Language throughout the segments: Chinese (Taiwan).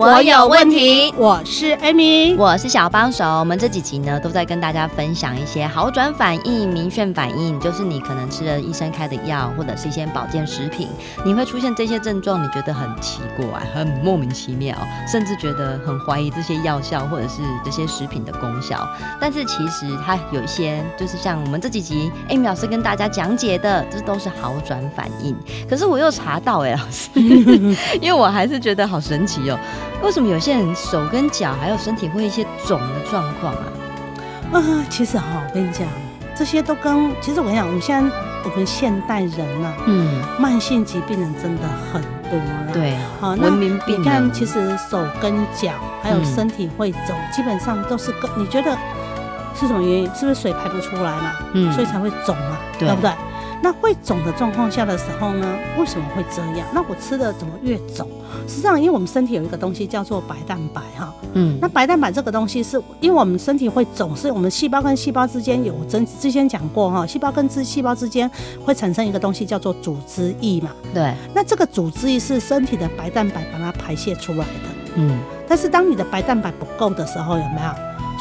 我有，我有問題，我是 Amy，我是小幫手。我們這幾集呢，都在跟大家分享一些好轉反應、瞑眩反應，就是你可能吃了醫生開的藥，或者是一些保健食品，你會出現這些症狀，你覺得很奇怪、很莫名其妙，甚至覺得很懷疑這些藥效或者是這些食品的功效。但是其實它有一些，就是像我們這幾集 Amy 老師跟大家講解的，這都是好轉反應。可是我又查到哎、欸，老師， 因為我還是覺得好神奇哦、喔。為什麼有些人手跟腳還有身體會一些腫的狀況啊？啊、呃，其實哈、喔，我跟你講，這些都跟……其實我跟你講，我們現在我們現代人吶、啊，嗯，慢性疾病人真的很多了、啊。對，好，那文明病人，你看，其實手跟腳還有身體會腫，嗯、基本上都是跟你覺得是什麼原因？是不是水排不出來嘛？嗯，所以才會腫嘛、啊？對不對？那會腫的狀況下的時候呢？為什麼會這樣？那我吃的怎麼越腫？實際上，因為我們身體有一個東西叫做白蛋白哈。嗯。那白蛋白這個東西，是因為我們身體會腫，是我們細胞跟細胞之間有增。我之前講過哈，細胞跟之細胞之間會產生一個東西叫做組織液嘛。對。那這個組織液是身體的白蛋白把它排泄出來的。嗯。但是當你的白蛋白不夠的時候，有沒有，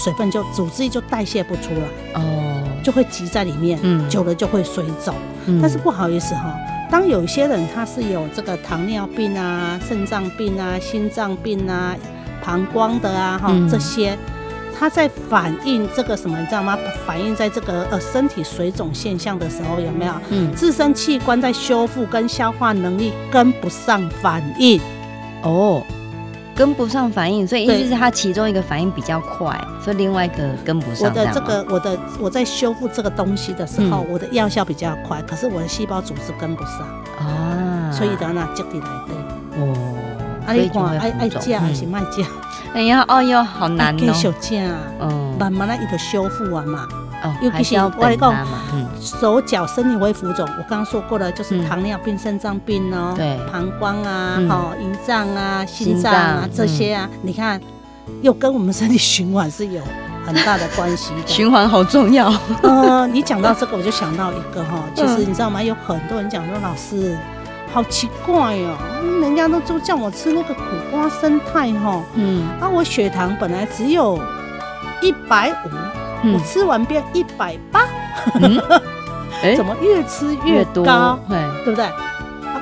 水分就組織液就代謝不出來。哦。就會積在裡面，嗯、久了就會水腫。嗯、但是不好意思哈，當有一些人他是有這個糖尿病啊、腎臟病啊、心臟病啊、膀胱的啊哈、嗯、這些，他在反應這個什麼，你知道嗎？反應在這個呃身體水腫現象的時候，有沒有？嗯，自身器官在修復跟消化能力跟不上反應。哦，跟不上反應，所以意思是他其中一個反應比較快。所以另外一個跟不上。我的這個，我的我在修復這個東西的時候，我的藥效比較快，可是我的細胞組織跟不上啊，所以得那接的來對。哦，啊，你看愛愛加還是賣加？哎呀，哦喲，好難哦。繼續加，哦，慢慢來，一個修復完嘛。哦，又不行，我來講，手腳身體會浮腫。我剛剛說過了，就是糖尿病、腎臟病哦，對，膀胱啊，好，胰臟啊，心臟啊這些啊，你看。又跟我們身體循環是有很大的關係，的。 循環好重要。 呃你講到這個，我就想到一個哈，其實你知道嗎？有很多人講說，嗯、老師，好奇怪哦、喔，人家都都叫我吃那個苦瓜生態哈，嗯，啊，我血糖本來只有一百五，我吃完變一百八， 怎麼越吃越高？嗯欸、對不對？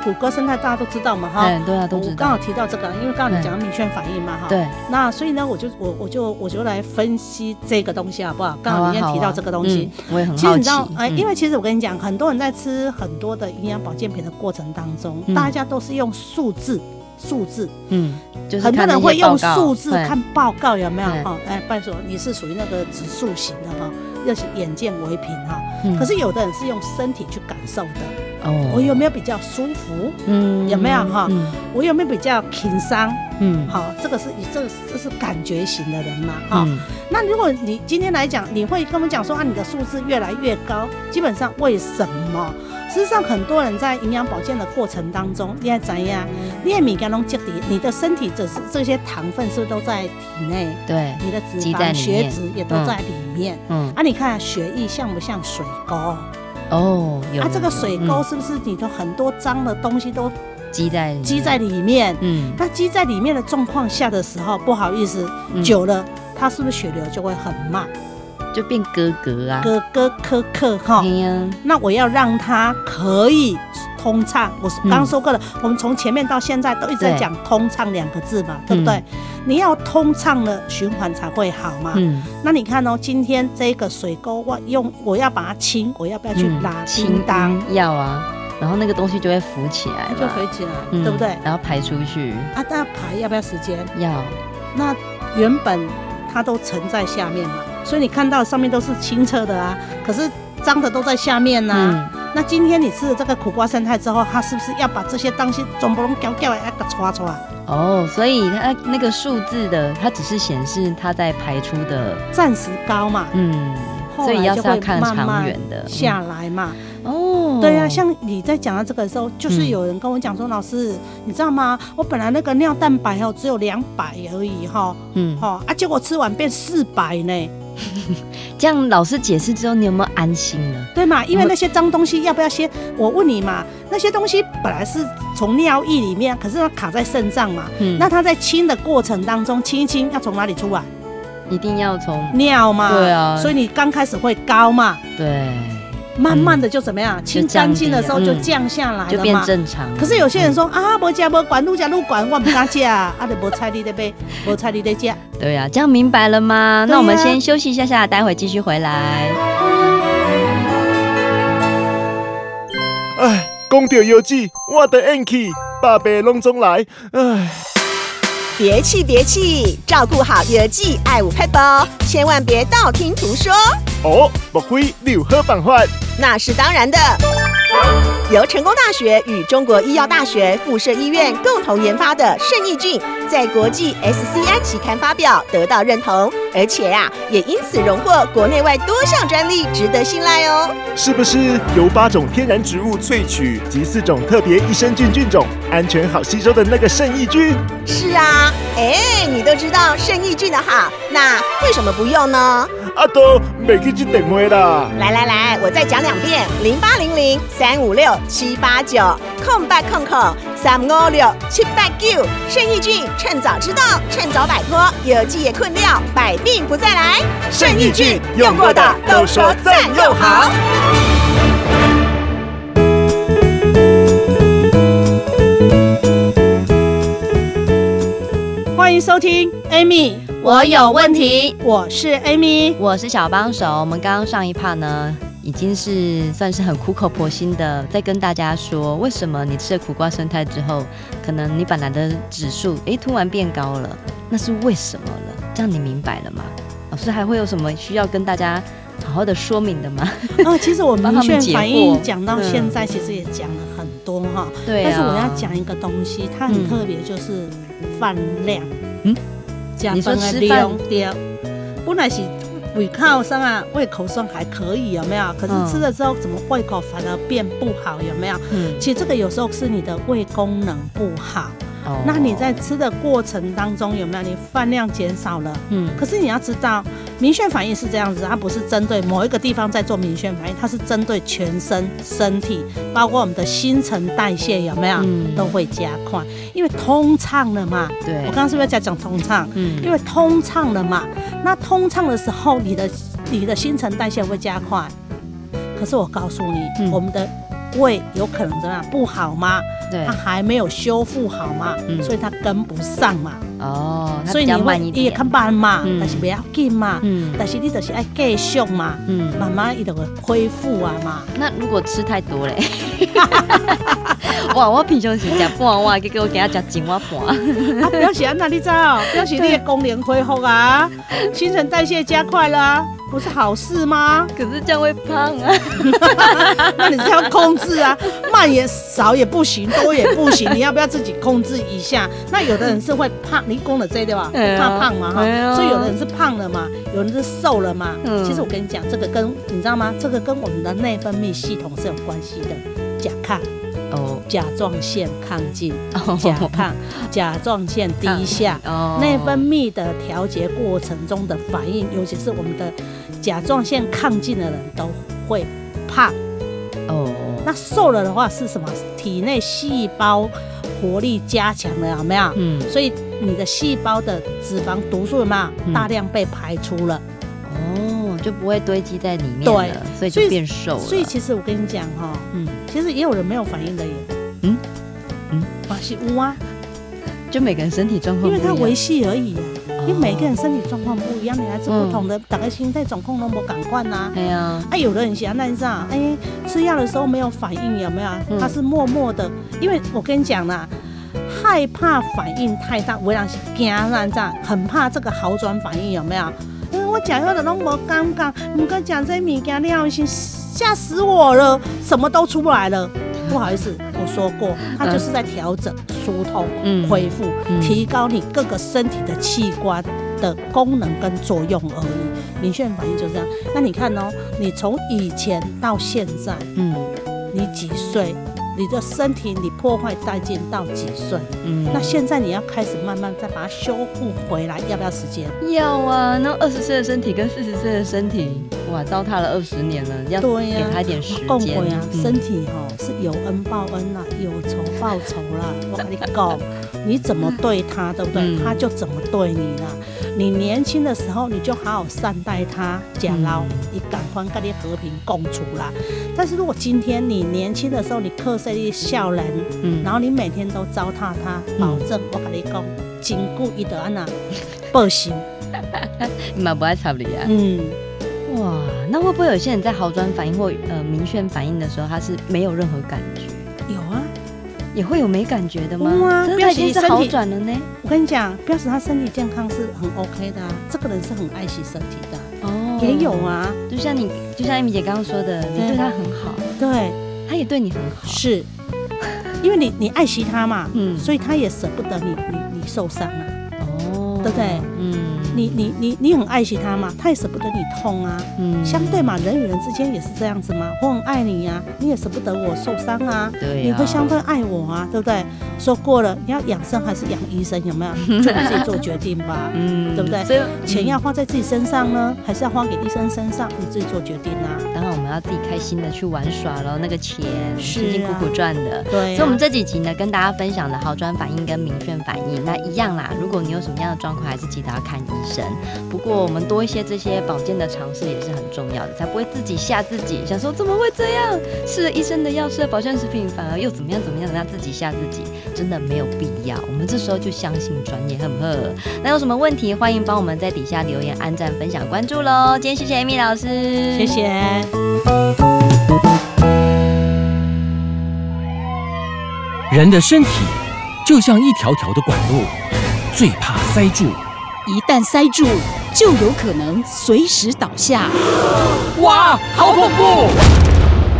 谷歌生態大家都知道嘛，哈、欸。對對啊，都知道。我剛好提到這個，因為剛剛你講瞑眩反應嘛，哈對。對。那所以呢，我就我我就我就來分析這個東西好不好？剛好你先提到這個東西，啊啊嗯、我也很好奇。其實你知道，嗯、哎，因為其實我跟你講，嗯、很多人在吃很多的營養保健品的過程當中，嗯、大家都是用數字數字，字嗯，就是、很多人會用數字看報告有沒有哦。哎，拜托，你是屬於那個指數型的哈，要眼見為憑哈。哦嗯、可是有的人是用身體去感受的。Oh, 我有沒有比較舒服？嗯，有沒有哈？嗯、我有沒有比較情傷嗯，好、哦，這個是這個、是這是感覺型的人嘛？哈、哦，嗯、那如果你今天來講，你會跟我們講說啊，你的數字越來越高，基本上為什麼？嗯、事實際上很多人在營養保健的過程當中練怎你練米糠弄徹底，你的身體這是這些糖分是不是都在體內？對，你的脂肪、血脂也都在裡面。嗯，嗯啊，你看血液像不像水溝？哦，有。它、啊、這個水溝是不是裡頭很多髒的東西都積在、嗯、積在裡面？裡面嗯，它積在裡面的狀況下的時候，不好意思，嗯、久了它是不是血流就會很慢，就變哥哥啊，哥哥磕磕哈？啊、那我要讓它可以。通暢，我剛剛說過了，嗯、我們從前面到現在都一直在講“通暢”兩個字嘛，對，對不對？嗯、你要通暢了，循環才會好嘛。嗯、那你看哦、喔，今天這個水溝我用，我要把它清，我要不要去拉？清單、嗯？要啊，然後那個東西就會浮起來，啊、就浮起來，嗯、對不對？然後排出去啊，那排要不要時間？要。那原本它都沉在下面嘛，所以你看到上面都是清澈的啊，可是髒的都在下面呢、啊。嗯那今天你吃了這個苦瓜生菜之後，它是不是要把這些東西總不能掉掉一個唰唰？哦，所以它那個數字的，它只是顯示它在排出的暫時高嘛。嗯，所以要這樣看長遠的下來嘛。要要嗯、哦，對啊，像你在講到這個的時候，就是有人跟我講說，嗯、老師，你知道嗎？我本來那個尿蛋白哦只有兩百而已哈，嗯，哈啊，結果吃完變四百呢。 這樣老師解釋之後，你有沒有安心了？對嘛，因為那些髒東西要不要先？我問你嘛，那些東西本來是從尿液裡面，可是它卡在腎臟嘛，嗯、那它在清的過程當中，清一清要從哪裡出來？一定要從尿嘛。對啊，所以你剛開始會高嘛。對。慢慢的就怎麼樣？清乾淨的時候就降下來了嘛。可是有些人說啊，不加不管，入加路管，我不敢吃。阿的、 啊、不拆的唄不對？不的對價。對呀，這樣明白了嗎？那我們先休息一下下，待會繼續回來唉、呃唉。哎，講到藥劑，我的 n k 氣百百攏總來。哎，別氣別氣，照顧好藥劑，愛護配方，千萬別道聽途說。哦，莫非你有好辦法？那是當然的。由成功大學與中國醫藥大學附設醫院共同研发的聖益菌，在國際 SCI 期刊发表，得到認同，而且呀、啊，也因此榮获國內外多項專利，值得信賴哦。是不是由八種天然植物萃取及四種特別益生菌菌種，安全好吸收的那個聖益菌？是啊，哎，你都知道聖益菌的好，那為什麼不用呢？阿多，未記接電話啦！來來來，我再講兩遍：零八零零三五六七八九，combat c o 白空 o 三五六七八九。盛義俊，趁早知道，趁早擺脫，有計也困掉，百病不再來。盛義俊用過的都說讚又好。歡迎收聽 Amy。我有問題，我是 Amy。我是小幫手。我們剛剛上一趴呢，已經是算是很苦口婆心的在跟大家說，為什麼你吃了苦瓜生態之後，可能你本來的指數誒、欸、突然變高了，那是為什麼了？這樣你明白了嗎？老師還會有什麼需要跟大家好好的說明的嗎？哦、呃，其實我們反應講到現在，其實也講了很多哈。對、嗯。但是我要講一個東西，它很特別，就是飯量。嗯。你說吃飯，本來是胃口上啊，胃口上還可以，有沒有？可是吃了之後，怎麼胃口反而變不好，有沒有？嗯，其實這個有時候是你的胃功能不好。那你在吃的過程當中有沒有？你飯量減少了，嗯，可是你要知道，瞑眩反應是這樣子，它不是針對某一個地方在做瞑眩反應，它是針對全身身體，包括我們的新陳代謝有沒有都會加快，因為通暢了嘛。對，我剛剛是不是在講通暢？嗯，因為通暢了嘛，那通暢的時候，你的你的新陳代謝會加快。可是我告訴你，我們的。胃有可能怎樣不好嘛，對，它還沒有修復好嘛，所以它跟不上嘛。哦，所以你會也看慢嘛，但是不要緊嘛。嗯，但是你就是愛繼續媽媽嘛，嗯，慢慢一道會恢復啊嘛。那如果吃太多了？哇，我平常是食半碗，佮我加食整碗半。表示安那你怎？表示你的功能恢復啊，新陳代謝加快啦。不是好事嗎？可是這樣會胖啊。那你是要控制啊，慢也少也不行，多也不行。你要不要自己控制一下？那有的人是會胖，你說的對吧？不怕胖嘛哈。所以有的人是胖了嘛，有人是瘦了嘛。其實我跟你講，這個跟你知道嗎？這個跟我們的內分泌系統是有關係的。甲亢哦，甲狀腺亢進，甲亢，甲狀腺低下，內分泌的調節過程中的反應，尤其是我們的。甲狀腺亢進的人都會胖哦，oh. 那瘦了的話是什麼？體內細胞活力加強了，有沒有？嗯，所以你的細胞的脂肪毒素什、嗯、大量被排出了，哦，oh, 就不會堆積在裡面，對，所以就變瘦了。所以其實我跟你講哈、哦，嗯，其實也有人沒有反應的、嗯，嗯嗯，巴是無啊，就每個人身體狀況不，因為他維繫而已。因為每個人身體狀況不一樣，你還是不同的，打個心態掌控那麼多感官吶。哎呀、啊，啊，啊，啊，有的人像那這樣，哎、欸，吃藥的時候沒有反應，有沒有？他是默默的，嗯、因為我跟你講啦，害怕反應太大，我讓驚那這樣，很怕這個好轉反應有沒有？嗯、欸，我吃藥的攏無感覺，你唔過講這物件，你嚇死我了，什麼都出不來了。不好意思，我說過，它就是在調整、疏通、嗯、恢復、提高你各個身體的器官的功能跟作用而已。瞑眩反應就是這樣。那你看哦，你從以前到現在，嗯，你幾歲？你的身體，你破壞殆盡到幾歲？嗯，那現在你要開始慢慢再把它修復回來，要不要時間？要啊，那二十歲的身體跟四十歲的身體，哇，糟蹋了二十年了，要給它點時間啊！啊嗯、身體哈是有恩報恩啦，有仇報仇啦， 我跟你講。 你怎麼對他，對不對？嗯、他就怎麼對你呢？你年輕的時候，你就好好善待他，講嘍，你趕快跟你和平共處啦。但是如果今天你年輕的時候，你刻碎你孝人，嗯，然後你每天都糟蹋他，保證我跟你公禁固一德安娜不行。嗯嗯、你們不愛吵理啊？嗯，哇，那會不會有些人在好轉反應或呃明確反應的時候，他是沒有任何感覺？也會有沒感覺的嗎？哇、啊，表示他身體好轉了呢。我跟你講，表示他身體健康是很 OK 的、啊。這個人是很愛惜身體的哦。也有啊，就像你，就像艾米姐剛剛說的，對，你對他很好，對，他也對你很好，是，因為你你愛惜他嘛，嗯，所以他也舍不得你你你受傷啊，哦，對不對？嗯。你你你你很愛惜他嗎？他也捨不得你痛啊。嗯，相對嘛，人與人之間也是這樣子嘛。我很愛你呀、啊，你也捨不得我受傷啊。對啊，你會相對愛我啊，對不對？說過了，你要養生還是養醫生，有沒有？就自己做決定吧。 嗯，對不對？所以、嗯、錢要花在自己身上呢，還是要花給醫生身上？你自己做決定啊。當然我們要自己開心的去玩耍嘍。那個錢、啊、辛辛苦苦賺的。對、啊。對啊、所以我們這幾集呢，跟大家分享的好轉反應跟瞑眩反應，那一樣啦。如果你有什麼樣的狀況，還是記得要看醫生神，不過我們多一些這些保健的嘗試也是很重要的，才不會自己嚇自己。想說怎麼會這樣？吃了醫生的藥，吃了保健食品，反而又怎麼樣怎麼樣，怎麼樣，讓自己嚇自己，真的沒有必要。我們這時候就相信專業很好。那有什麼問題，歡迎幫我們在底下留言、按讚、分享、關注嘍。今天謝謝 Amy 老師，謝謝。人的身體就像一條條的管路，最怕塞住。一旦塞住，就有可能隨時倒下。哇，好恐怖！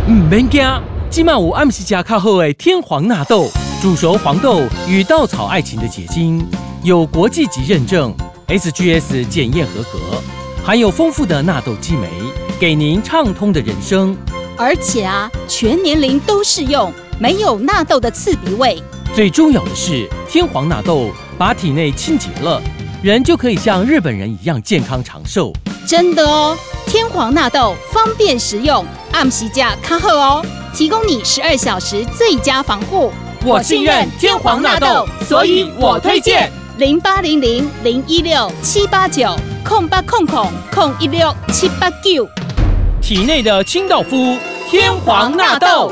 嗯，免驚，今麥五 M C 家烤好的天皇納豆，煮熟黃豆與稻草愛情的結晶，有國際級認證 S G S 檢驗合格，含有豐富的納豆激酶，給您暢通的人生。而且啊，全年齡都適用，沒有納豆的刺鼻味。最重要的是，天皇納豆把體內清潔了。人就可以像日本人一樣健康長壽，真的哦！天皇納豆方便食用，按起價卡赫哦，提供你十二小時最佳防護。我信任天皇納豆，所以我推薦零八零零零一六七八九空八空空空一六七八九。體內的清道夫，天皇納豆。